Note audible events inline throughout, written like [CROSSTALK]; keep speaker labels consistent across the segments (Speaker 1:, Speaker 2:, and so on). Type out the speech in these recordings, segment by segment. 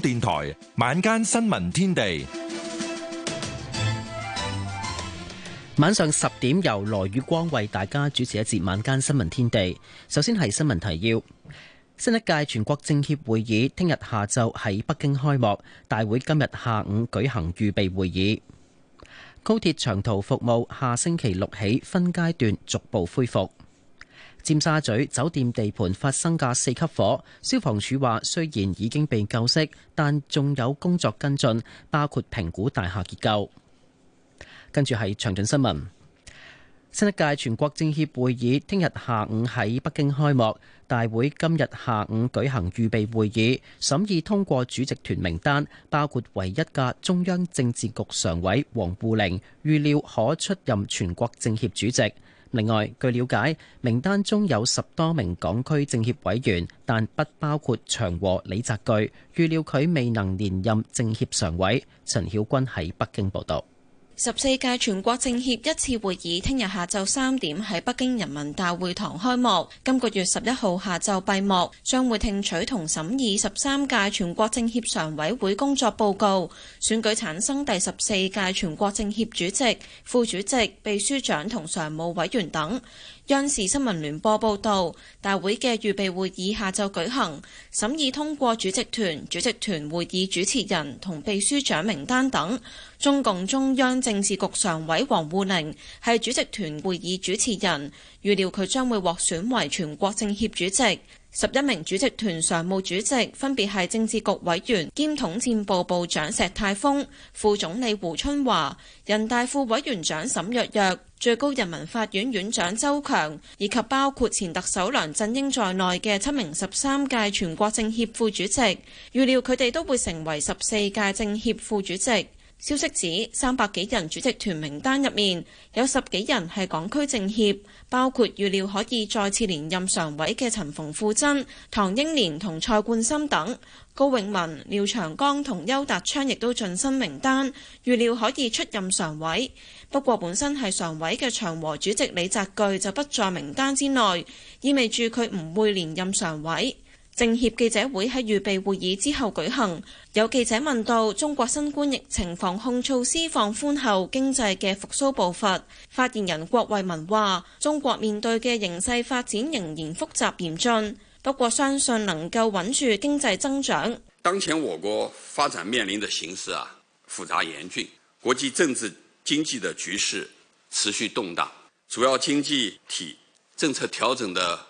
Speaker 1: 電台
Speaker 2: 晚間新聞天地，晚上十點由羅宇光為大家主持一節晚間新聞天地。首先係新聞提要：新一屆全國政協會議聽日下晝喺北京開幕，大會今日下午舉行預備會議。高鐵長途服務下星期六起分階段逐步恢復。尖沙咀酒店地盤發生嘅四級火，消防署話雖然已經被救熄，但仲有工作跟進，包括評估大廈結構。跟住係詳盡新聞。新一屆全國政協會議聽日下午喺北京開幕，大會今日下午舉行預備會議，審議通過主席團名單，包括唯一嘅中央政治局常委王滬寧，預料可出任全國政協主席。另外，據了解，名單中有十多名港區政協委員，但不包括長和李澤鉅。預料佢未能連任政協常委，陳曉君喺北京報導。
Speaker 3: 十四屆全國政協一次會議聽日下晝三點喺北京人民大會堂開幕，今個月十一號下晝閉幕，將會聽取同審議十三屆全國政協常委會工作報告，選舉產生第十四屆全國政協主席、副主席、秘書長同常務委員等。《央視新聞聯播》報導，大會嘅預備會議下晝舉行，審議通過主席團、主席團會議主持人同秘書長名單等。中共中央政治局常委王滬寧係主席團會議主持人，預料佢將會獲選為全國政協主席。十一名主席團常務主席分別係政治局委員兼統戰部部長石泰峰、副總理胡春華、人大副委員長沈躍躍、最高人民法院院長周強，以及包括前特首梁振英在內嘅七名十三屆全國政協副主席。預料佢哋都會成為十四屆政協副主席。消息指，三百幾人主席團名單入面有十幾人係港區政協。包括預料可以再次連任常委嘅陳馮富珍、唐英年同蔡冠深等，高永文、廖長江同邱達昌亦都晉身名單，預料可以出任常委。不過本身係常委嘅長和主席李澤鉅就不在名單之內，意味住佢唔會連任常委。政協記者會喺預備會議之後舉行，有記者問到中國新冠疫情防控措施放寬後經濟嘅復甦步伐，發言人郭衛民話：中國面對嘅形勢發展仍然複雜嚴峻，不過相信能夠穩住經濟增長。
Speaker 4: 當前我國發展面臨嘅形勢啊，複雜嚴峻，國際政治經濟的局勢持續動盪，主要經濟體政策調整的。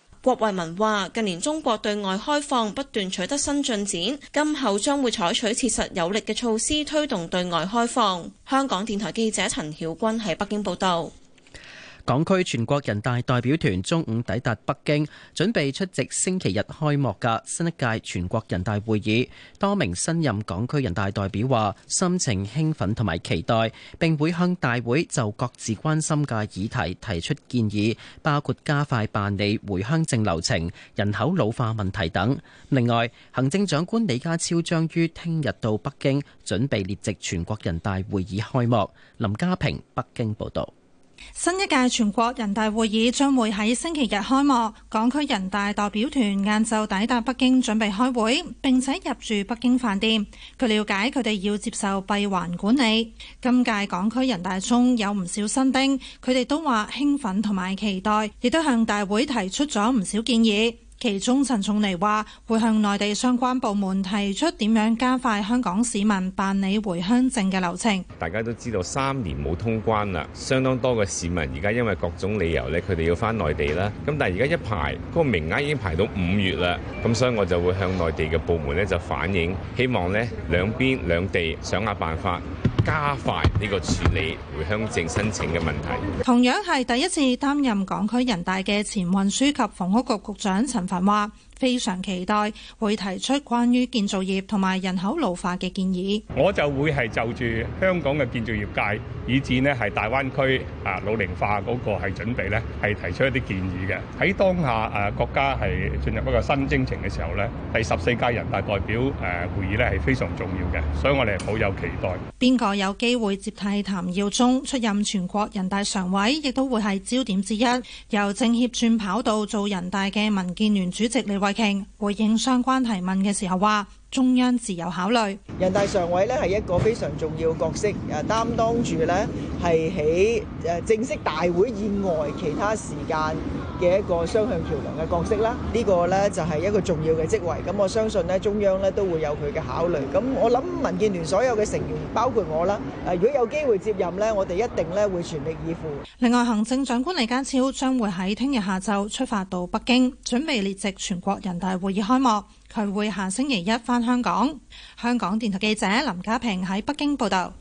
Speaker 3: 郭惠文話：近年中國對外開放不斷取得新進展，今後將會採取切實有力嘅措施推動對外開放。香港電台記者陳曉君喺北京報道。
Speaker 2: 港區全國人大代表團中午抵達北京，準備出席星期日開幕嘅新一屆全國人大會議。多名新任港區人大代表話，心情興奮同埋期待，並會向大會就各自關心嘅議題提出建議，包括加快辦理回鄉證流程、人口老化問題等。另外，行政長官李家超將於聽日到北京，準備列席全國人大會議開幕。林家平，北京報導。
Speaker 5: 新一屆全國人大會議將會喺星期日開幕，港區人大代表團晏晝抵達北京準備開會，並且入住北京飯店。據了解，佢哋要接受閉環管理。今屆港區人大中有唔少新丁，佢哋都話興奮同埋期待，亦都向大會提出咗唔少建議。其中陳頌尼話會向內地相關部門提出點樣加快香港市民辦理回鄉證嘅流程。
Speaker 6: 大家都知道三年冇通關啦，相當多嘅市民而家因為各種理由咧，佢哋要返內地啦。咁但係而家一排嗰個名額已經排到五月啦，咁所以我就會向內地嘅部門咧就反映，希望咧兩邊兩地想下辦法，加快呢個處
Speaker 7: 理回鄉證申請嘅問題。
Speaker 5: 同樣係第一次擔任港區人大嘅前運輸及房屋局局長陳。佢話非常期待會提出關於建造業同埋人口老化嘅建議，
Speaker 1: 我就會係就住香港嘅建造業界，以至咧係大灣區啊老齡化個係準備咧，係提出一啲建議嘅。喺當下誒、啊、國家係進入一個新征程嘅時候咧，第十四屆人大代表誒會議咧係非常重要嘅，所以我哋好有期待。
Speaker 5: 邊個有機會接替譚耀宗出任全國人大常委，亦都會係焦點之一。由政協轉跑道做人大嘅民建聯原主席李慧瓊回應相關提問嘅時候話。中央自有考慮。
Speaker 8: 人大常委呢，係一個非常重要角色，擔當住呢，係喺正式大會以外其他時間嘅一個
Speaker 2: 雙向橋梁嘅角色啦。這個呢，就係一個重要嘅職位。咁，我相信中央呢，都會有佢嘅考慮。咁，我諗民建聯所有嘅成員，包括我啦。如果有機會接任呢，我哋一定呢，會全力以赴。
Speaker 5: 另外，行政長官李家超將會喺聽日下晝出發到北京，準備列席全國人大會議開幕。佢會下星期一返香港。香港電台記者林家平喺北京報道，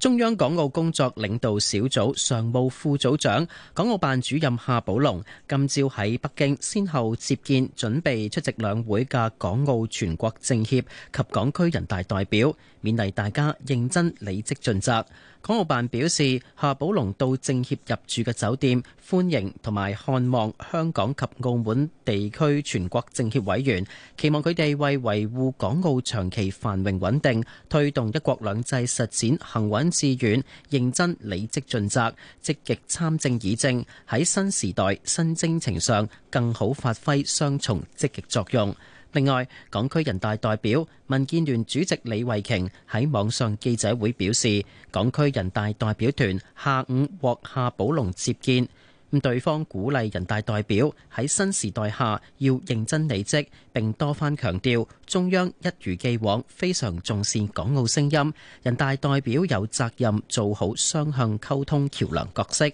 Speaker 2: 中央港澳工作領導小組常務副組長、港澳辦主任夏寶龍今朝喺北京先後接見準備出席兩會嘅港澳全國政協及港區人大代表。勉勵大家認真履職盡責。港澳辦表示，夏寶龍到政協入住嘅酒店，歡迎同埋看望香港及澳門地區全國政協委員，期望佢哋為維護港澳長期繁榮穩定，推動一國兩制實踐行穩致遠，認真履職盡責，積極參政議政，喺新時代新征程上更好發揮雙重積極作用。另外，港區人大代表民建聯主席李慧瓊喺網上記者會表示，港區人大代表團下午獲夏寶龍接見，咁對方鼓勵人大代表喺新時代下要認真履職，並多番強調中央一如既往非常重視港澳聲音，人大代表有責任做好雙向溝通橋梁角色。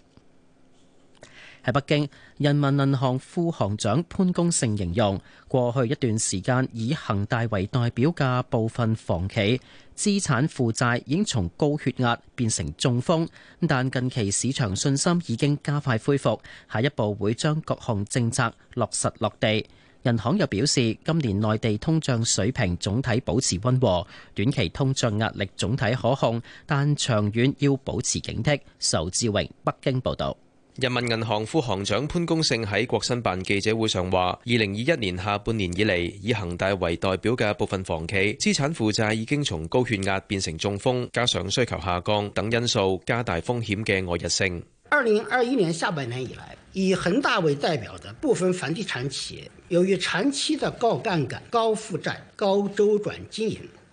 Speaker 2: 喺北京，人民銀行副行長潘功勝形容，過去一段時間以恒大為代表嘅部分房企資產負債已經從高血壓變成中風，但近期市場信心已經加快恢復，下一步會將各項政策落實落地。人行又表示，今年內地通脹水平總體保持溫和，短期通脹壓力總體可控，但長遠要保持警惕。仇志榮，北京報導。
Speaker 9: 人民銀行副行長潘功勝喺國新辦記者會上話，二零二一年下半年以嚟，以恒大為代表嘅部分房企，資產負債已經從高血壓變成中風，加上需求下降等因素，加大風險嘅外溢性。
Speaker 8: 二零二一年下半年以來，以恒大為代表嘅部分房地產企業，由於長期的高槓杆、高負債、高周轉經營。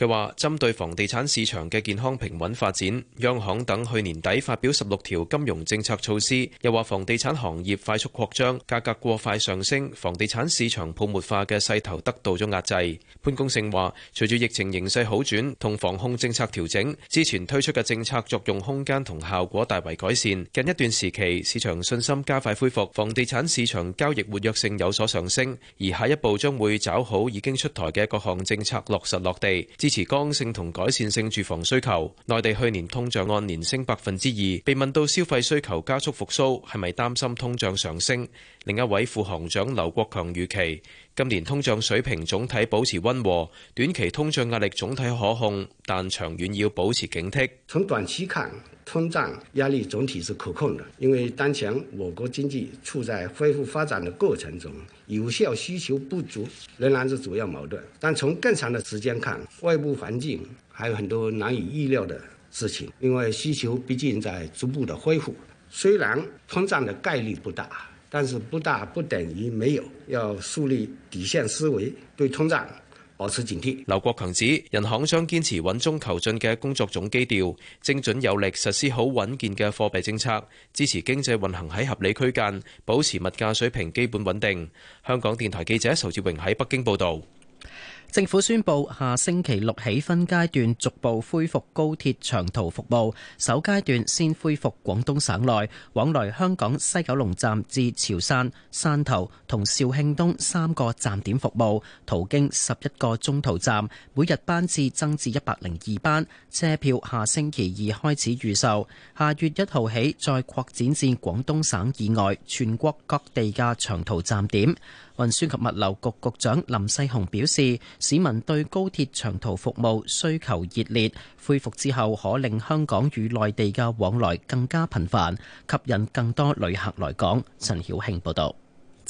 Speaker 9: 佢話：針對房地產市場嘅健康平穩發展，央行等去年底發表十六條金融政策措施，又話房地產行業快速擴張、價格過快上升、房地產市場泡沫化嘅勢頭得到咗壓制。潘功勝話：隨住疫情形勢好轉同防控政策調整，之前推出嘅政策作用空間同效果大為改善。近一段時期，市場信心加快恢復，房地產市場交易活躍性有所上升，而下一步將會抓好已經出台嘅各項政策落實落地。支持剛性同改善性住房需求。內地去年通脹按年升百分之二。被問到消費需求加速復甦，係咪擔心通脹上升？另一位副行長劉國強預期今年通脹水平總體保持溫和，短期通脹壓力總體可控，但長遠要保持警惕。
Speaker 8: 從短期看。通脹壓力總體是可控的，因為當前我國經濟處在恢復發展的過程中，有效需求不足仍然是主要矛盾。但從更長的時間看，外部環境還有很多難以預料的事情。另外，需求畢竟在逐步的恢復，雖然通脹的概率不大，但是不大不等於沒有，要樹立底線思
Speaker 9: 維，對通脹。劉國強指，人行將堅持穩中求進嘅工作總基調，精準有力實施好穩健嘅貨幣政策，支持經濟運行喺合理區間，保持物價水平基本穩定。香港電台記者仇志榮喺北京報道。
Speaker 2: 政府宣布，下星期六起分階段逐步恢復高鐵長途服務，首階段先恢復廣東省內往來香港西九龍站至潮汕、汕頭同肇慶東三個站點服務，途經十一個中途站，每日班次增至一百零二班。車票下星期二開始預售。下月一號起，再擴展至廣東省以外全國各地嘅長途站點。運輸及物流局局長林世雄表示，市民對高鐵長途服務需求熱烈，恢復之後可令香港與內地嘅往來更加頻繁，吸引更多旅客來港。陳曉慶報道。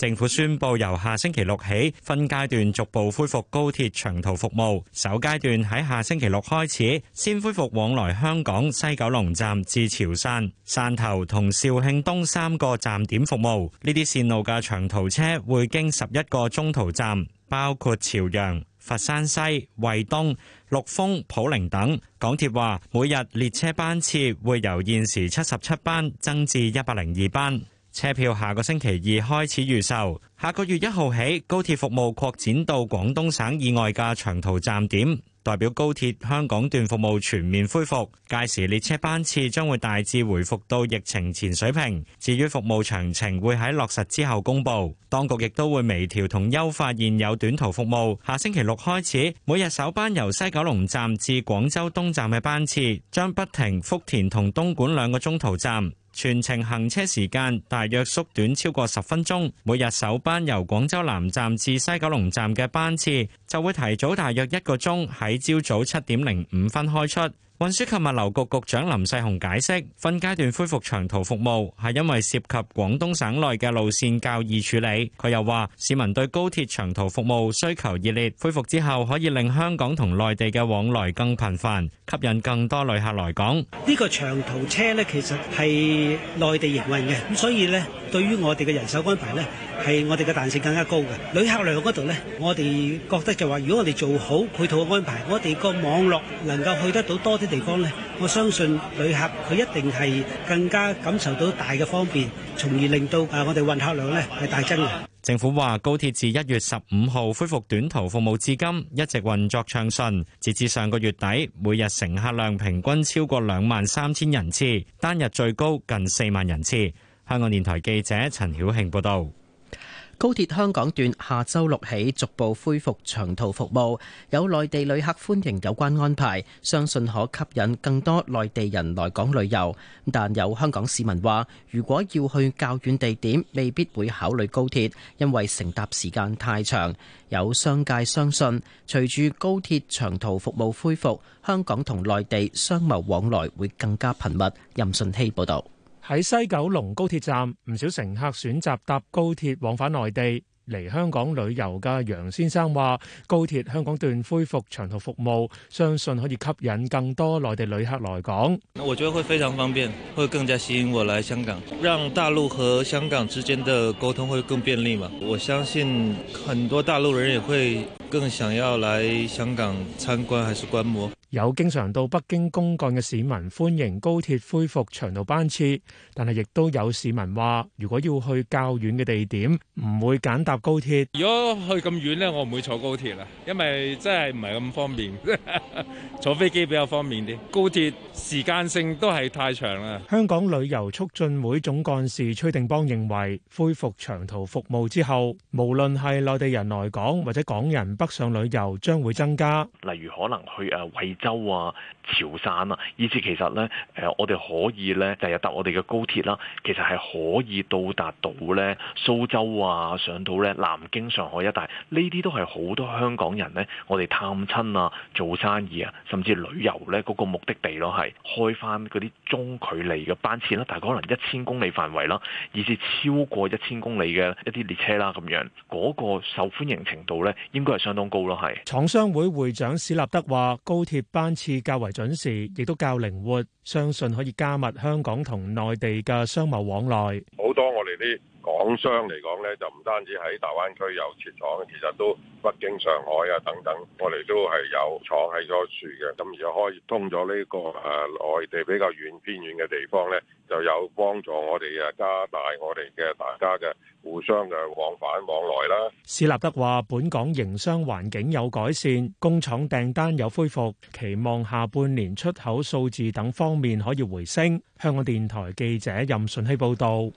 Speaker 2: 政府宣布由下星期六起，分階
Speaker 6: 段逐步恢復高鐵長途服務。首階段喺下星期六開始，先恢復往來香港西九龍站至潮汕、汕頭同肇慶東三個站點服務。呢啲綫路嘅長途車會經十一個中途站，包括朝陽、佛山西、惠東、陸豐、普寧等。港鐵話，每日列車班次會由現時七十七班增至一百零二班。車票下個星期二開始預售，下個月一號起，高鐵服務擴展到廣東省以外嘅長途站點，代表高鐵香港段服務全面恢復。屆時列車班次將會大致回復到疫情前水平。至於服務詳情，會喺落實之後公布。當局亦都會微調同優化現有短途服務。下星期六開始，每日首班由西九龍站至廣州東站嘅班次，將不停福田同東莞兩個中途站。全程行車時間大約縮短超過十分鐘，每日首班由廣州南站至西九龍站嘅班次就會提早大約一個鐘，喺朝早七點零五分開出。運輸及物流局局長林世雄解釋，分階段恢復長途服務，係因為涉及廣東省內嘅路綫較易處理。佢又話，市民對高鐵長途服務需求熱烈，恢復之後可以令香港同內地嘅往來更頻繁，吸引更
Speaker 8: 多旅客來港。呢個長途車呢，其實係內地營運嘅。咁所以呢，對於我哋嘅人手安排呢，係我哋嘅彈性更加高嘅。旅客量嗰度呢，我哋覺得就話，如果我哋做好配套嘅安排，我哋個網絡能夠去得到多啲地方咧，我相信旅客佢一定係更加感受到大嘅方便，從而令到啊，我哋運客量咧係大增嘅。
Speaker 6: 政府話，高鐵自一月十五號恢復短途服務至今，一直運作暢順。截至上個月底，每日乘客量平均超過兩萬三千人次，單日最高近四萬人次。香港電
Speaker 2: 台記者陳曉慶報道。高鐵香港段，下周六起，逐步恢復長途服務。有內地旅客歡迎有關安排，相信可吸引更多內地人來港旅遊。但有香港市民話，如果要去較遠地點，未必會考慮高鐵，因為乘搭時間太長。有商界相信，隨住高鐵長途服務恢復，香港同內地商貿往來會更加頻密。任信希報道。喺西九龍高鐵站，
Speaker 1: 唔少乘客選擇搭高鐵往返，返內地。嚟香港旅遊嘅楊先生話，高鐵香港段恢復長途服務，相信可以吸引更多內地
Speaker 10: 旅客來港。我覺得會非常方便，會更加吸引我來香港，讓大陸和香港之間的溝通會更便利嘛。我相信很多大陸人也會。更想要來香港參觀還是觀摩？
Speaker 1: 有經常到北京公幹嘅市民歡迎高鐵恢復長途班次，但係亦都有市民話，如果要去較遠嘅地點，唔會揀搭高鐵。
Speaker 10: 如果去咁遠咧，我唔會坐高鐵啦，因為真係唔係咁方便，坐飛機比較方便啲，高鐵時間性都係太長啦。
Speaker 1: 香港旅遊促進會總幹事，崔定邦認為恢復長途服務之後，無論係內地人來港或者港人, [LAUGHS] 北上旅遊將會增加，例如可能去誒惠州啊、潮汕啊，以至其實呢，誒、呃，我哋可以呢，第、就、日、是、搭我哋嘅高鐵啦，其實係可以到達到呢蘇州啊，上到呢、南京、上海一帶，呢啲都係好多香港人呢，我哋探親啊、做生意啊，甚至旅遊呢嗰、那個目的地咯，係開翻嗰啲中距離嘅班次啦，大概可能一千公里範圍啦，以至超過一千公里嘅一啲列車啦，咁樣嗰、那個受歡迎程度呢，應該係上相當高咯，係。廠商會會長史立德話：高鐵班次較為準時，亦都較靈活，相信可以加密香港同內地嘅商貿往來。
Speaker 11: 好多我哋啲。港商嚟講呢，就唔單止喺大灣區有設廠，其實都北京、上海啊等等，我哋都係有廠喺嗰處嘅。咁而開
Speaker 8: 通咗呢個
Speaker 11: 誒內地比較遠偏遠嘅地方呢，就有幫助我哋啊加大我哋嘅大家嘅互相嘅往返往來啦。
Speaker 1: 史立德話：本港營商環境有改善，工廠訂單有恢復，期望下半年出口數字等方面可以回升。香港電台記者任順希報道。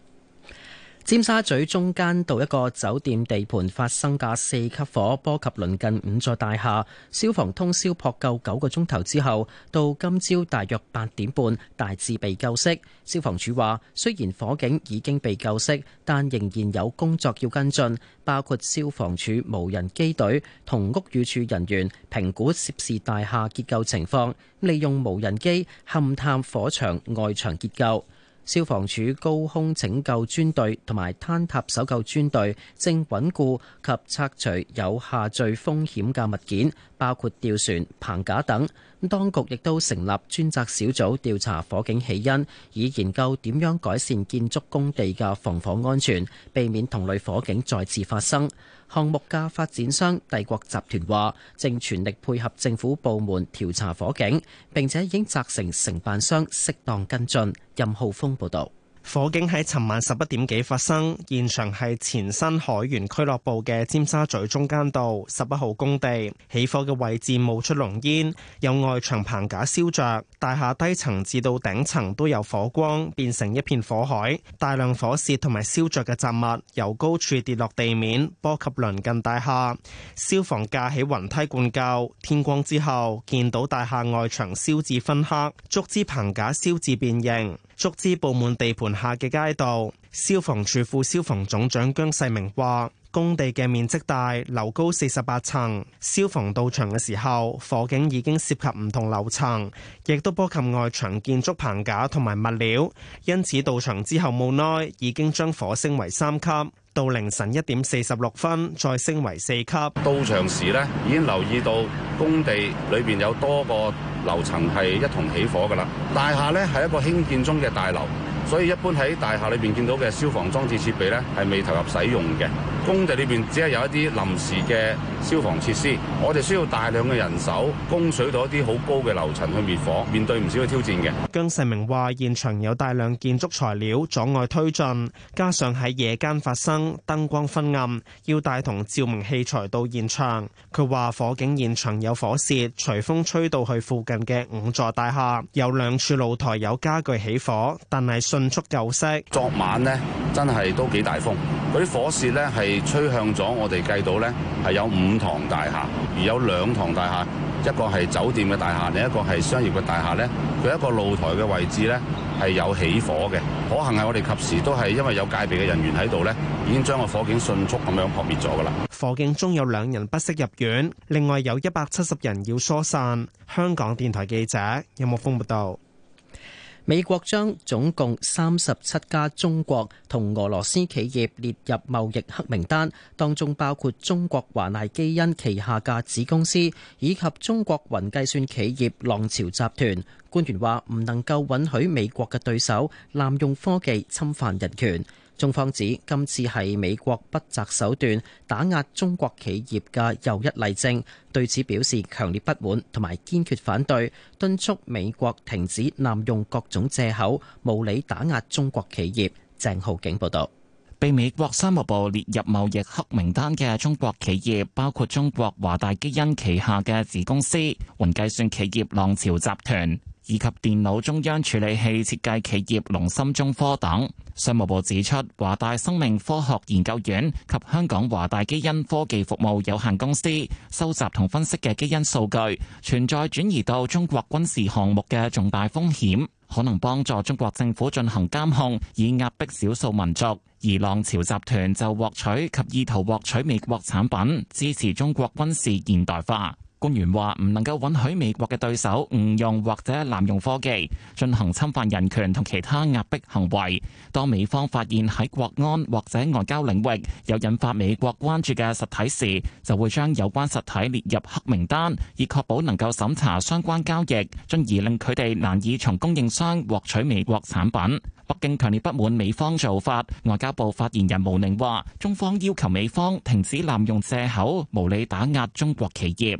Speaker 2: 尖沙咀中間道一個酒店地盤發生嘅四級火，波及鄰近五座大廈。消防通宵撲救九個鐘頭之後，到今朝大約八點半大致被救熄。消防處話，雖然火警已經被救熄，但仍然有工作要跟進，包括消防處無人機隊同屋宇處人員評估涉事大廈結構情況，利用無人機勘探火場外牆結構。消防處高空拯救專隊同埋坍塌搜救專隊正穩固及拆除有下墜風險嘅物件，包括吊船、棚架等。咁當局亦都成立專責小組調查火警起因，以研究點樣改善建築工地嘅防火安全，避免同類火警再次發生。項目嘅發展商帝國集團話，正全力配合政府部門調查火警，並且已經責成承辦商適當跟進。任浩峰報導。火警喺尋晚十一點
Speaker 8: 幾發生，現場係前新海員俱樂部嘅尖沙咀中間道十一號工地，起火嘅位置冒出濃煙，有外牆棚架燒着，大廈低層至到頂層都有火光，變成一片火海，大量火屑同埋燒着嘅雜物由高處跌落地面，波及鄰近大廈。消防架起雲梯灌救，天光之後見到大廈外牆燒至熏黑，竹枝棚架燒至變形。竹枝佈滿地盤下嘅街道，消防處副消防總長姜世明話：工地嘅面積大，樓高四十八層，消防到場嘅時候，火警已經涉及唔同樓層，亦都波及外牆建築棚架同埋物料，因此到場之後冇耐已經將火升為三級。到凌晨一點四十六分，再升為四級。到場時咧，
Speaker 4: 已經留意到工地
Speaker 8: 裏邊有多個樓層係一同起
Speaker 4: 火噶啦。大廈咧係一個興建中嘅大樓。所以一般喺大廈裏邊見到嘅消防裝置設備咧，係未投入使用嘅。工地裏邊只係有一啲臨時嘅消防設施。我哋需要大量嘅人手供水到一啲好高嘅樓層去滅火，面對唔
Speaker 8: 少嘅挑戰嘅。姜世明話現場有大量建築材料阻礙推進，加上喺夜間發生，燈光昏暗，要帶同照明器材到現場。佢話火警現場有火舌隨風吹到去附近嘅五座大廈，有兩處露台有家具起火，但係，迅速救熄。昨晚呢，真係都幾大風。嗰啲火舌呢，係吹向咗我哋計到呢，係有五幢
Speaker 4: 大廈，而有兩幢大廈，一個係酒店嘅大廈，另一個係商業嘅大廈呢，佢一個露台嘅位置呢，係有起火嘅。可能係我哋及時都係因為有戒備嘅人員喺度呢，已經將個火警迅速咁樣撲滅咗噶啦。
Speaker 8: 火警中有兩人不適入院，另外有一百七十人要疏散。香港電台記者任木峰報
Speaker 2: 道。美國將總共三十七家中國同俄羅斯企業列入貿易黑名單，當中包括中國華大基因旗下嘅子公司以及中國雲計算企業浪潮集團。官員話唔能夠允許美國嘅對手濫用科技侵犯人權。中方指今次係美國不擇手段打壓中國企業嘅又一例證，對此表示強烈不滿同埋堅決反對，敦促美國停止濫用各種借口，無理打壓中國企業。鄭浩景報道，
Speaker 7: 被美國商務部列入貿易黑名單嘅中國企業包括中國華大基因旗下嘅子公司、雲計算企業浪潮集團。以及電腦中央處理器設計企業龍芯中科等，商務部指出，華大生命科學研究院及香港華大基因科技服務有限公司收集同分析嘅基因數據，存在轉移到中國軍事項目嘅重大風險，可能幫助中國政府進行監控，以壓迫少數民族。而浪潮集團就獲取及意圖獲取美國產品，支持中國軍事現代化。官員話，唔能夠允許美國嘅對手誤用或者濫用科技進行侵犯人權同其他壓迫行為。當美方發現喺國安或者外交領域有引發美國關注嘅實體時，就會將有關實體列入黑名單，以確保能夠審查相關交易，進而令佢哋難以從供應商獲取美國產品。北京強烈不滿美方做法。外交部發言人毛寧話：中方要求美方停止濫用借口、無理打壓中國企業。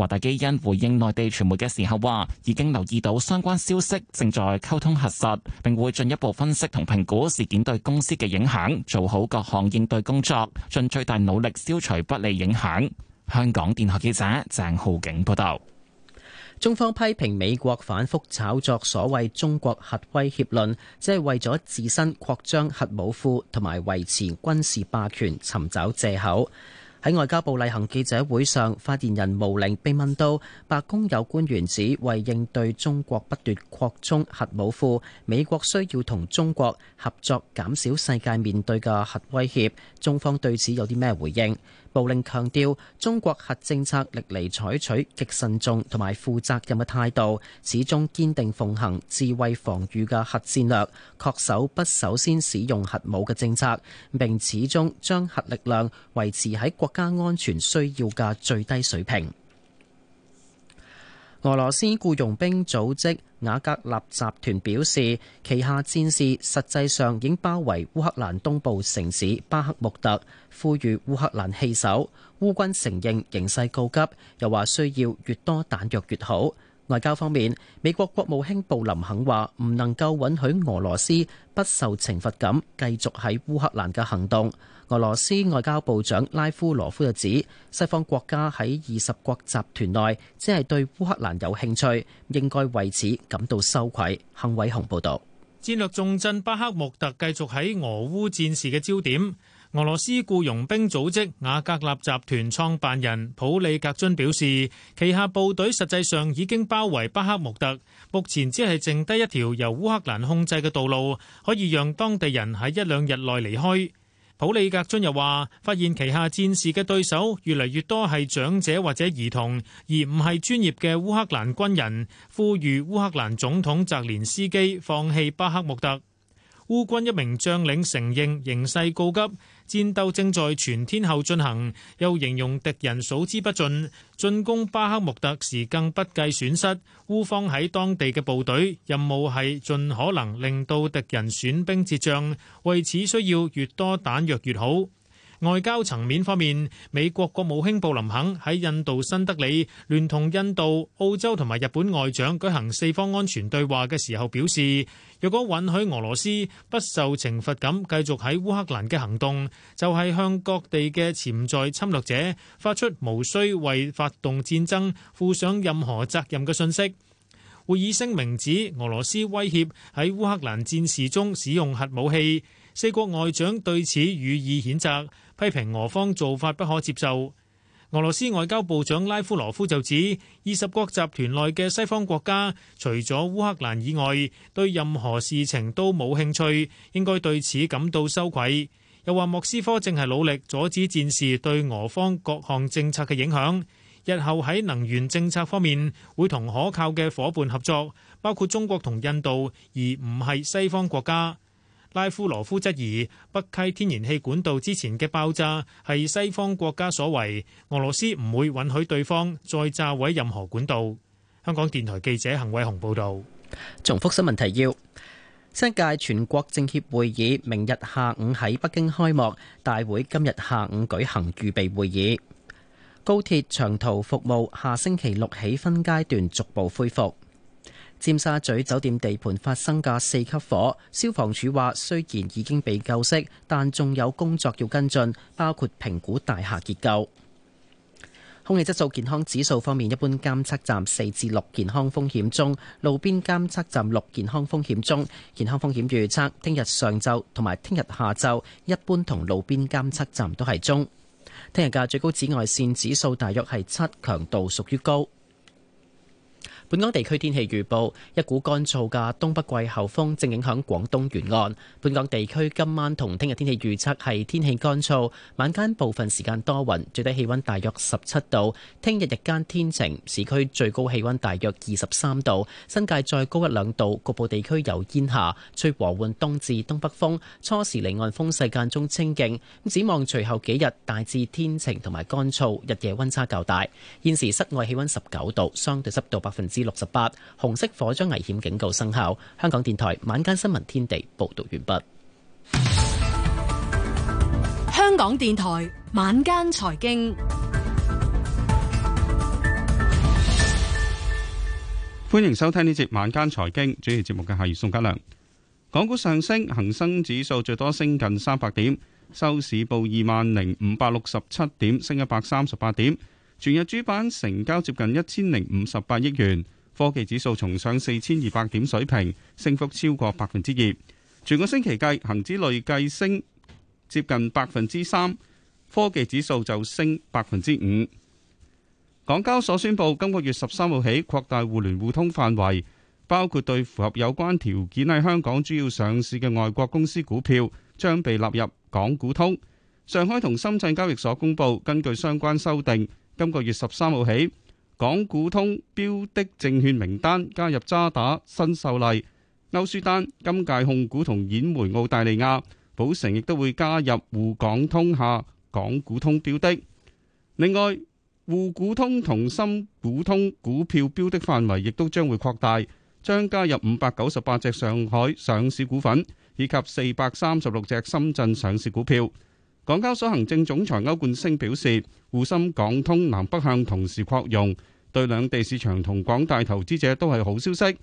Speaker 7: 華大基因回應內地傳媒嘅時候話，已經留意到相關消息，正在溝通核實，並會進一步分析同評估事件對公司嘅影響，做好各項應對工作，盡最大努力消除不利影響。香
Speaker 2: 港電台記者鄭浩景報道。中方批評美國反覆炒作所謂中國核威脅論，即係為咗自身擴張核武庫同埋維持軍事霸權尋找借口。喺外交部例行記者會上，發言人毛寧被問到，白宮有官員指為應對中國不斷擴充核武庫，美國需要同中國合作減少世界面對嘅核威脅，中方對此有啲咩回應？布令強調，中國核政策歷嚟採取極慎重同埋負責任嘅態度，始終堅定奉行自衛防禦嘅核戰略，確守不首先使用核武嘅政策，並始終將核力量維持喺國家安全需要嘅最低水平。俄羅斯僱傭兵組織瓦格納集團表示，旗下戰士實際上已經包圍烏克蘭東部城市巴克穆特，呼籲烏克蘭棄守。烏軍承認形勢告急，又話需要越多彈藥越好。外交方面，美國國務卿布林肯話唔能夠允許俄羅斯不受懲罰咁繼續喺烏克蘭嘅行動。俄羅斯外交部長拉夫羅夫就指，西方國家喺二十國集團內只係對烏克蘭有興趣，應該為此感到羞愧。幸偉雄報導，
Speaker 10: 戰略重鎮巴克穆特繼續喺俄烏戰事嘅焦點。俄羅斯僱傭兵組織瓦格納集團創辦人普利格津表示，旗下部隊實際上已經包圍巴克穆特，目前只係剩低一條由烏克蘭控制嘅道路，可以讓當地人喺一兩日內離開。普里格津又話，發現旗下戰士嘅對手越嚟越多係長者或者兒童，而唔係專業嘅烏克蘭軍人，呼籲烏克蘭總統澤連斯基放棄巴克穆特。烏軍一名將領承認形勢告急。戰鬥正在全天候進行，又形容敵人數之不盡。進攻巴克穆特時更不計損失。烏方喺當地嘅部隊任務係盡可能令到敵人損兵折將，為此需要越多彈藥越好。外交層面方面，美國國務卿布林肯喺印度新德里聯同印度、澳洲同埋日本外長舉行四方安全對話嘅時候表示，若果允許俄羅斯不受懲罰咁繼續喺烏克蘭嘅行動，就係向各地嘅潛在侵略者發出無需為發動戰爭負上任何責任嘅信息。會議聲明指俄羅斯威脅喺烏克蘭戰事中使用核武器，四國外長對此予以譴責。批評俄方做法不可接受。俄羅斯外交部長拉夫羅夫就指，二十國集團內嘅西方國家除咗烏克蘭以外，對任何事情都冇興趣，應該對此感到羞愧。又話莫斯科正係努力阻止戰事對俄方各項政策嘅影響。日後喺能源政策方面，會同可靠嘅伙伴合作，包括中國同印度，而唔係西方國家。拉夫羅夫質疑北溪天然氣管道之前嘅爆炸係西方國家所為，俄羅斯唔會允
Speaker 2: 許對方再炸毀任何管道。香港電台記者陳偉雄報導。重複新聞提要：新一屆全國政協會議明日下午喺北京開幕，大會今日下午舉行預備會議。高鐵長途服務下星期六起分階段逐步恢復。尖沙咀酒店地盤發生嘅四級火，消防處話雖然已經被救熄，但仲有工作要跟進，包括評估大廈結構。空氣質素健康指數方面，一般監測站四至六健康風險中，路邊監測站六健康風險中，健康風險預測聽日上晝同埋聽日下晝一般同路邊監測站都係中。聽日嘅最高紫外線指數大約係七，強度屬於高。本港地區天氣預報，一股乾燥嘅東北季候風正影響廣東沿岸。本港地區今晚同聽日天氣預測係天氣乾燥，晚間部分時間多雲，最低氣溫大約十七度。聽日日間天晴，市區最高氣溫大約二十三度，新界再高一兩度，局部地區有煙霞，吹和緩東至東北風，初時離岸風勢間中清勁，咁展望隨後幾日大致天晴同埋乾燥，日夜溫差較大。現時室外氣溫十九度，相對濕度百分之六十八，紅色火災危險警告生效。香港電台晚間新聞天地報道完畢。
Speaker 12: 香港電台晚間財經，
Speaker 4: 歡迎收聽呢節晚間財經，主持節目嘅係宋家良。港股上升，恒生指數最多升近三百點，收市報二萬零五百六十七點，升一百三十八點。全日主板成交接近一千零五十八億元，科技指數重上四千二百點水平，升幅超過百分之二。全個星期計，恒指累計升接近百分之三，科技指數就升百分之五。港交所宣布今個月十三號起擴大互聯互通範圍，包括對符合有關條件喺香港主要上市嘅外國公司股票，將被納入港股通。上海同深圳交易所公布，根據相關修訂。今個月十三號起，港股通標的證券名單加入渣打、新秀麗、歐舒丹、金界控股同兗煤澳大利亞，寶城亦都會加入滬港通下港股通標的。另外，滬股通同深股通股票標的範圍亦都將會擴大，將加入五百九十八隻上海上市股份以及四百三十六隻深圳上市股票。港交所行政總裁歐冠升表示，滬深港通南北向同時擴容，對兩地市場同廣大投資者都係好消息，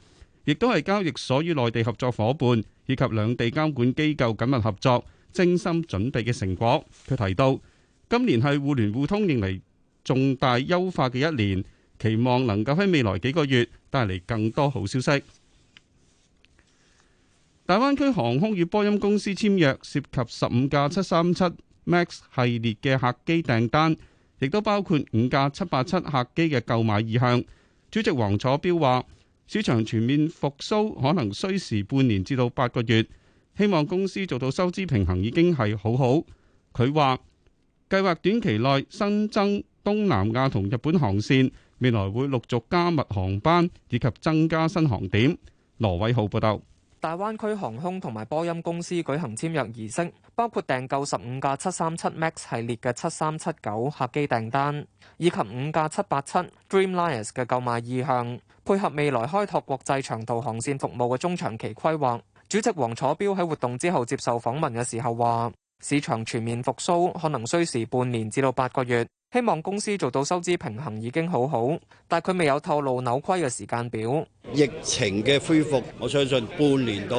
Speaker 4: 亦都係交易所與內地合作伙伴以及兩地監管機構緊密合作、精心準備嘅成果。佢提到，今年係互聯互通迎嚟重大優化嘅一年，期望能夠喺未來幾個月帶嚟更多好消息。大灣區航空與波音公司簽約，涉及十五架七三七。Max 系列嘅客機訂單亦都包括五架七八七客機嘅購買意向。主席黃楚標話，市場全面復甦可能需時半年至到八個月，希望公司做到收支平衡已經係好好。佢話計劃短期內新增東南亞同日本航線，未來會陸續加密航班以及增加新航點。羅偉浩報道。
Speaker 13: 大灣區航空同埋波音公司舉行簽約儀式，包括訂購十五架七三七 MAX 系列嘅七三七九客機訂單，以及五架七八七 Dreamliner 嘅購買意向，配合未來開拓國際長途航線服務嘅中長期規劃。主席黃楚標喺活動之後接受訪問嘅時候話。市場全面復蘇可能需時半年至到八個月，希望公司做到收支平衡已經好好，但佢未有透露扭虧嘅時間
Speaker 8: 表。疫情嘅恢復，我相信半年到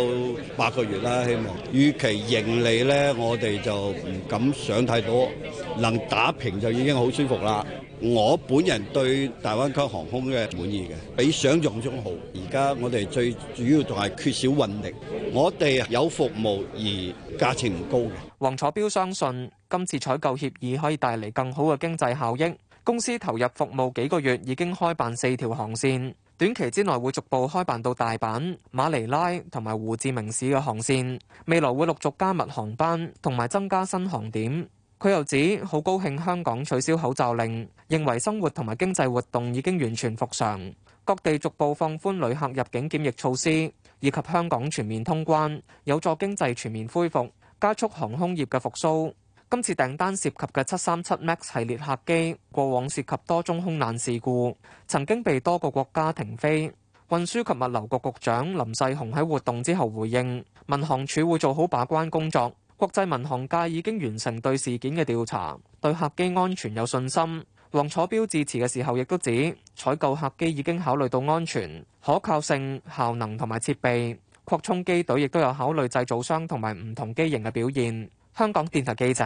Speaker 8: 八個月啦。希望預期盈利呢，我哋就唔敢想太多，能打平就已經好舒服啦。我本人對大灣區航空都係滿意嘅，比想象中好。而家我哋最主要仲係缺少運力，我哋有服務而價錢唔高嘅。黃
Speaker 13: 楚標相信今次採購協議可以帶嚟更好嘅經濟效益。公司投入服務幾個月，已經開辦四條航線，短期之內會逐步開辦到大阪、馬尼拉同埋胡志明市嘅航線。未來會陸續加密航班同埋增加新航點。佢又指好高興香港取消口罩令，認為生活同埋經濟活動已經完全復常。各地逐步放寬旅客入境檢疫措施，以及香港全面通關，有助經濟全面恢復。加速航空業嘅復甦。今次訂單涉及嘅七三七 MAX 系列客機，過往涉及多宗空難事故，曾經被多個國家停飛。運輸及物流局局長林世雄喺活動之後回應，民航處會做好把關工作。國際民航界已經完成對事件嘅調查，對客機安全有信心。黃楚標致辭嘅時候亦都指，採購客機已經考慮到安全、可靠性、效能同埋設備。擴充機隊亦都有考慮製造商同埋唔同機型嘅表現。香港電台記者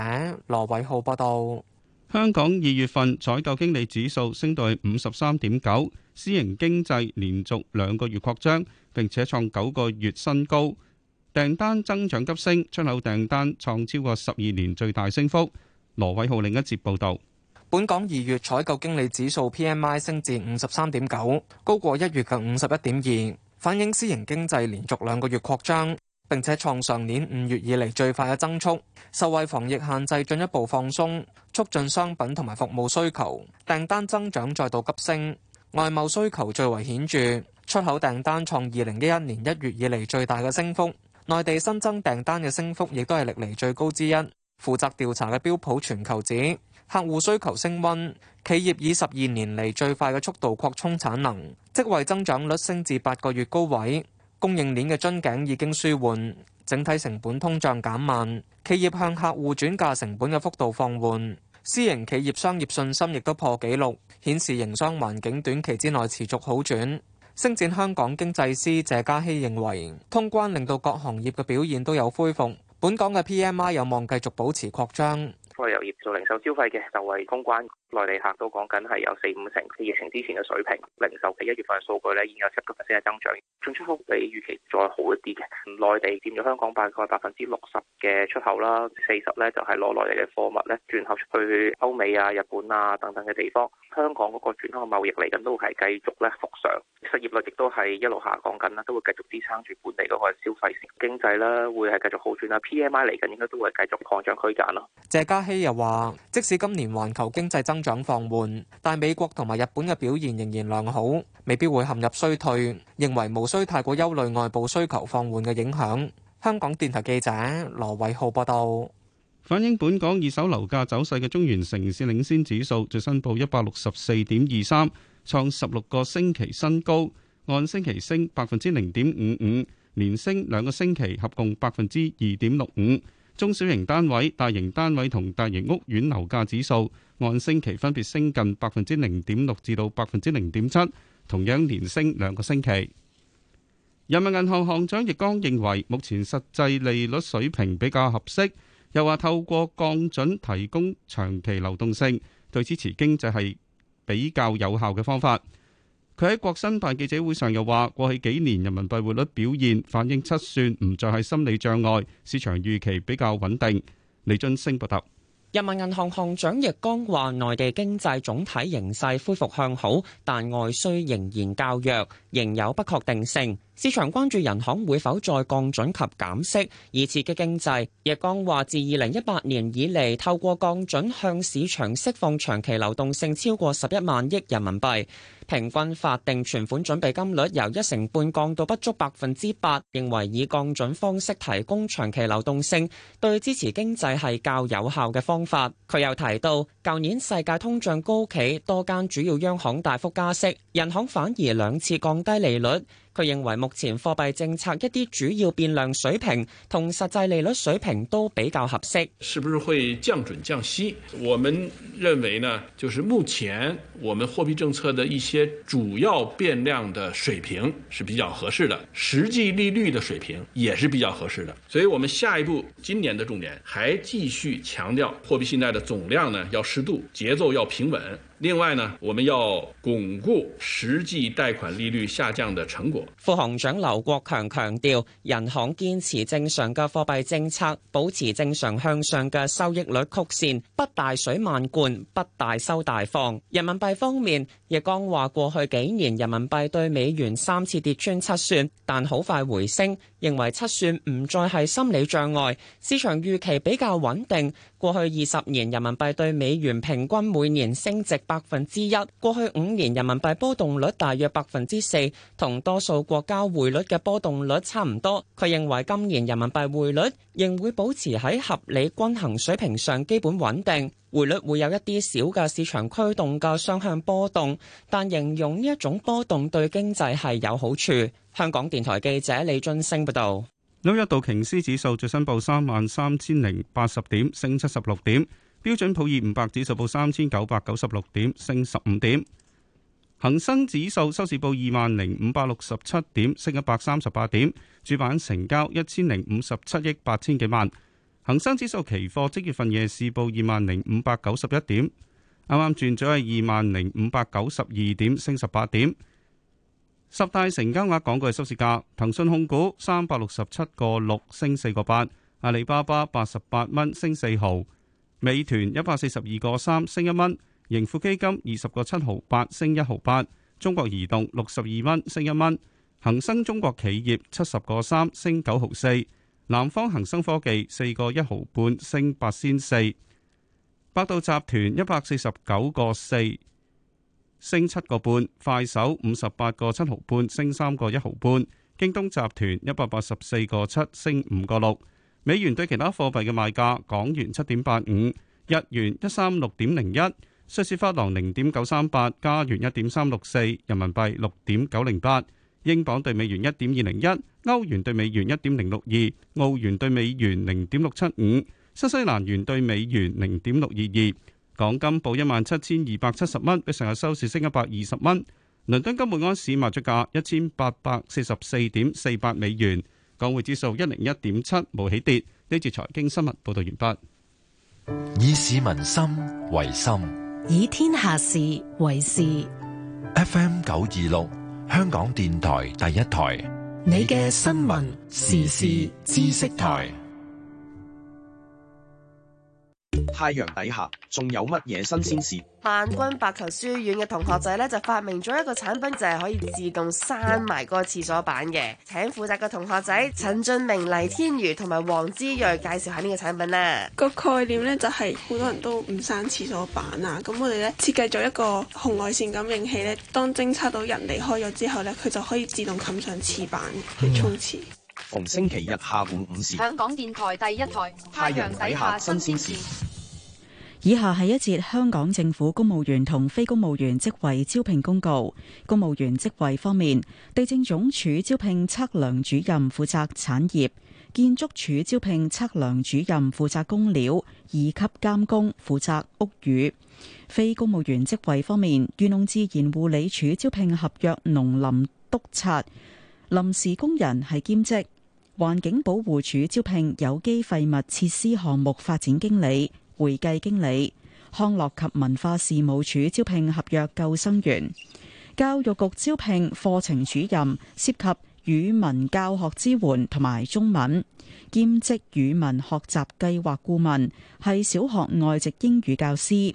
Speaker 13: 羅偉浩報道：
Speaker 4: 香港二月份採購經理指數升到去五十三點九，私營經濟連續兩個月擴張，並且創九個月新高。訂單增長急升，出口訂單創超過十二年最大升幅。羅偉浩另一節報道：本港二月採購經理指
Speaker 13: 數 PMI 升至五十三點九，高過一月嘅五十一點二。反映私營經濟連續兩個月擴張，並且創上年五月以嚟最快嘅增速。受惠防疫限制進一步放鬆，促進商品同埋服務需求，訂單增長再度急升。外貿需求最為顯著，出口訂單創二零一一年一月以嚟最大嘅升幅，內地新增訂單嘅升幅亦都係歷嚟最高之一。負責調查嘅標普全球指。客戶需求升溫，企業以十二年嚟最快嘅速度擴充產能，職位增長率升至八個月高位，供應鏈嘅樽頸已經舒緩，整體成本通脹減慢，企業向客戶轉嫁成本嘅幅度放緩，私營企業商業信心亦都破紀錄，顯示營商環境短期之內持續好轉。星展香港經濟師謝嘉熙認為，通關令到各行業嘅表現都有恢復，本港嘅 PMI 有望繼續保持擴張。
Speaker 7: 都係由業做零售消費嘅，就係通關內地客都講緊係有四五成嘅疫情之前嘅水平。零售嘅一月份嘅數據咧，已經有七個 percent 嘅增長，進出口比預期再好一啲嘅。內地佔咗香港大概百分之六十嘅出口啦，四十咧就係攞內地嘅貨物咧轉口去歐美啊、日本啊等等嘅地方。香港嗰個轉口貿易嚟緊都係繼續咧復常，失業率亦都係一路下降緊啦，都會繼續支撐住本地嗰個消費經濟啦，會係繼續好轉啦。P M I 嚟緊應該都會繼續擴張
Speaker 9: 區間咯。
Speaker 13: 希又話，即使今年環球經濟增長放緩，但美國同埋日本嘅表現仍然良好，未必會陷入衰退，認為無需太過憂慮外
Speaker 4: 部需求放緩
Speaker 13: 嘅影響。香港電台記者羅偉浩報道。
Speaker 4: 反映本港二手樓價走勢嘅中原城市領先指數最新報一百六十四點二三，創十六個星期新高，按星期升百分之零點五五，連升兩個星期，合共百分之二點六五。中小型單位、大型單位同大型屋苑樓價指數，按星期分別升近百分之零點六至到百分之零點七，同樣連升兩個星期。人民銀行行長易綱認為，目前實際利率水平比較合適，又話透過降準提供長期流動性，對支持經濟係比較有效嘅方法。佢喺國新辦記者會上又話：過去幾年人民幣匯率表現反映七算唔再係心理障礙，市場預期比較穩定。李津升報道。
Speaker 11: 人民銀行行長易綱話，內地經濟總體形勢恢復向好，但外需仍然較弱，仍有不確定性。市場關注人行會否再降準及減息以刺激經濟。易綱話，自二零一八年以嚟，透過降準向市場釋放長期流動性超過十一萬億人民幣。平均法定存款準備金率由一成半降到不足百分之八，認為以降準方式提供長期流動性，對支持經濟係較有效嘅方法。佢又提到。舊年世界通脹高企，多間主要央行大幅加息，人行反而兩次降低利率。佢認為目前貨幣政策一啲主要變量水平同實際利率水平都比較合適。是不是會降準降息？我們認為呢，就是目前我們
Speaker 4: 貨幣政策的一些主要變量的水平是比較合適的，實際利率的水平也是比較合適的。所以，我們下一步今年的重點還繼續強調貨幣信貸的總量呢要適度，節奏要平穩。另外呢，我們要鞏固實際貸款利率下降的成果。副行長劉國
Speaker 11: 強強調，人行堅持正常嘅貨幣政策，保持正常向上嘅收益率曲線，不大水漫灌，不大收大放。人民幣方面，易綱話過去幾年人民幣對美元三次跌穿七算，但好快回升，認為七算唔再係心理障礙，市場預期比較穩定。過去二十年，人民幣對美元平均每年升值，百分之一，過去五年人民幣波動率大約百分之四，同多數國家匯率嘅波動率差唔多。佢認為今年人民幣匯率仍會保持喺合理均衡水平上基本穩定，匯率會有一啲小嘅市場驅動嘅雙向波動，但形容呢一種波動對經濟係有好處。香港電台記者李俊升報道。
Speaker 4: 紐約道瓊斯指數最新報三萬三千零八十點，升七十六點。標準普爾五百指數報三千九百九十六點，升十五點。恒生指數收市報二萬零五百六十七點，升一百三十八點。主板成交一千零五十七億八千幾萬。恒生指數期貨即月份夜市報二萬零五百九十一點，啱啱轉咗係二萬零五百九十二點，升十八點。十大成交額港股嘅收市價，騰訊控股三百六十七個六升四個八，阿里巴巴八十八蚊升四毫。美團一百四十二個三升一蚊，盈富基金二十個七毫八升一毫八，中國移動六十二蚊升一蚊，恒生中國企業七十個三升九毫四，南方恒生科技四個一毫半升八仙四，百度集團一百四十九個四升七個半，快手五十八個七毫半升三個一毫半，京東集團一百八十四個七升五個六。美元對其他貨幣嘅賣價：港元七點八五，日元一三六點零一，瑞士法郎零點九三八，加元一點三六四，人民幣六點九零八，英鎊對美元一點二零一，歐元對美元一點零六二，澳元對美元零點六七五，新西蘭元對美元零點六二二。港金報一萬七千二百七十蚊，比上日收市升一百二十蚊。倫敦金每安士賣出價一千八百四十四點四八美元。港匯指數一零一點七，冇起跌。呢段財經新聞報道完畢。以市民心為心，
Speaker 5: 以天下事為事。
Speaker 13: F M 九二六，香港電台第一台，
Speaker 8: 你嘅新聞時事知識台。太陽底下仲有乜嘢新鮮事？
Speaker 11: 萬鈞伯裘書院嘅同學仔咧，就發明咗一個產品，就係可以自動閂埋個廁所板嘅。請負責
Speaker 3: 嘅同學仔陳俊明、黎天如，同埋黃之睿介紹下呢個產品啦。嗯。個概念咧就係好多人都唔閂廁所板啊，咁我哋咧設計咗一個紅外線感應器咧，當偵測到人離開咗之後咧，佢就可以自動冚上廁板去沖
Speaker 8: 廁。嗯逢星期日下午五時，
Speaker 3: 香港電台第一台
Speaker 11: 《太陽底下新鮮
Speaker 12: 事》以下係一節香港政府公務員同非公務員職位招聘公告。公務員職位方面，地政總署招聘測量主任負責產業，建築署招聘測量主任負責工料，二級監工負責屋宇。非公務員職位方面，漁農自然護理署招聘合約農林督察，臨時工人係兼職。環境保護署招聘有機廢物設施項目發展經理、會計經理、康樂及文化事務署招聘合約救生員、教育局招聘課程主任，涉及語文教學支援同埋中文，兼職語文學習計劃顧問，係小學外籍英語教師。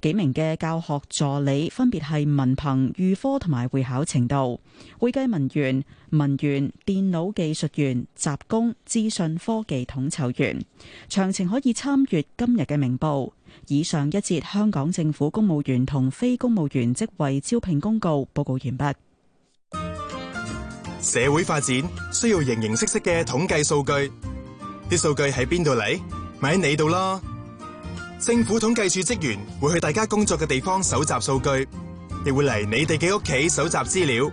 Speaker 12: 幾名嘅教學助理分別係文憑、預科同埋會考程度，會計文員、文員、電腦技術員、雜工、資訊科技統籌員，詳情可以參閱今日嘅明報。以上一節香港政府公務員同非公務員職位招聘公告報告完畢。
Speaker 8: 社會發展需要形形色色嘅統計數據，啲數據喺邊度嚟？咪喺你度啦。政府統計處職員會去大家工作嘅地方搜集數據，亦會嚟你哋嘅屋企搜集資料。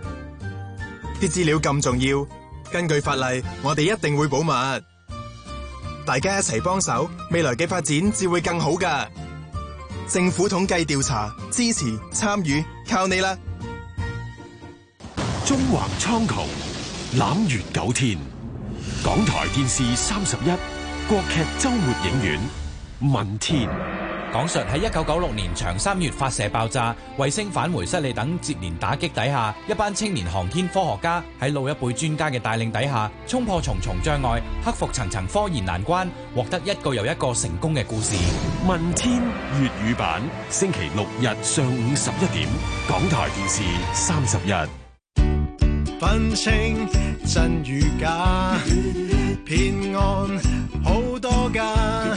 Speaker 8: 啲資料咁重要，根據法例，我哋一定會保密。大家一齊幫手，未來嘅發展至會更好噶。政府統計調查支持參與，靠你啦！中華蒼穹攬月九天，港台電視三十一，國劇周末影院。
Speaker 6: 問天，講述喺一九九六年長三月發射爆炸、衛星返回失利等接連打擊底下，一班青年航天科學家喺老一輩專家嘅帶領底下，衝破重重障礙，克服層層科研難關，獲得一個又一個成功嘅故事。問天粵語版，星期六日上午十一點，
Speaker 8: 港台
Speaker 1: 電視三十日。分
Speaker 8: 清真與假，騙案 [LAUGHS] 好多家。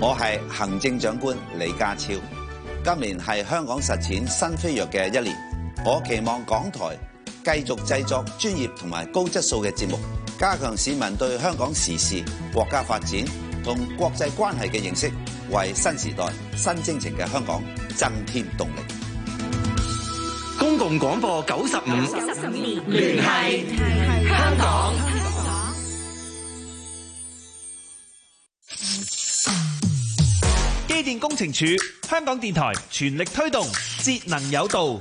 Speaker 8: 我係行政長官李家超，今年係香港實踐新飛躍嘅一年。我期望港台繼續製作專業同埋高質素嘅節目，加強市民對香港時事、國家發展同國際關係嘅認識，為新時代新征程嘅香港增添動力。公共廣播九十五年，聯繫香
Speaker 9: 港。香港工程署，香港電台全力推動節能有道。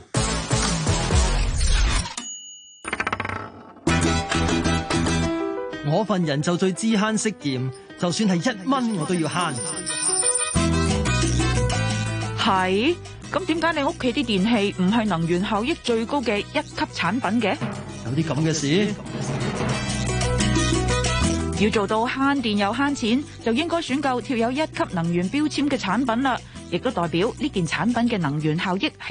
Speaker 2: 我份人就最知慳識儉，就算係一蚊我都
Speaker 12: 要慳。係，咁點解你屋企啲電器唔係能源效益最高嘅一級產品嘅？
Speaker 1: 有啲咁嘅事。
Speaker 12: 要做到慳電又慳錢，就應該選購貼有一級能源標籤嘅產品啦，亦都代表呢件產品嘅能源效益。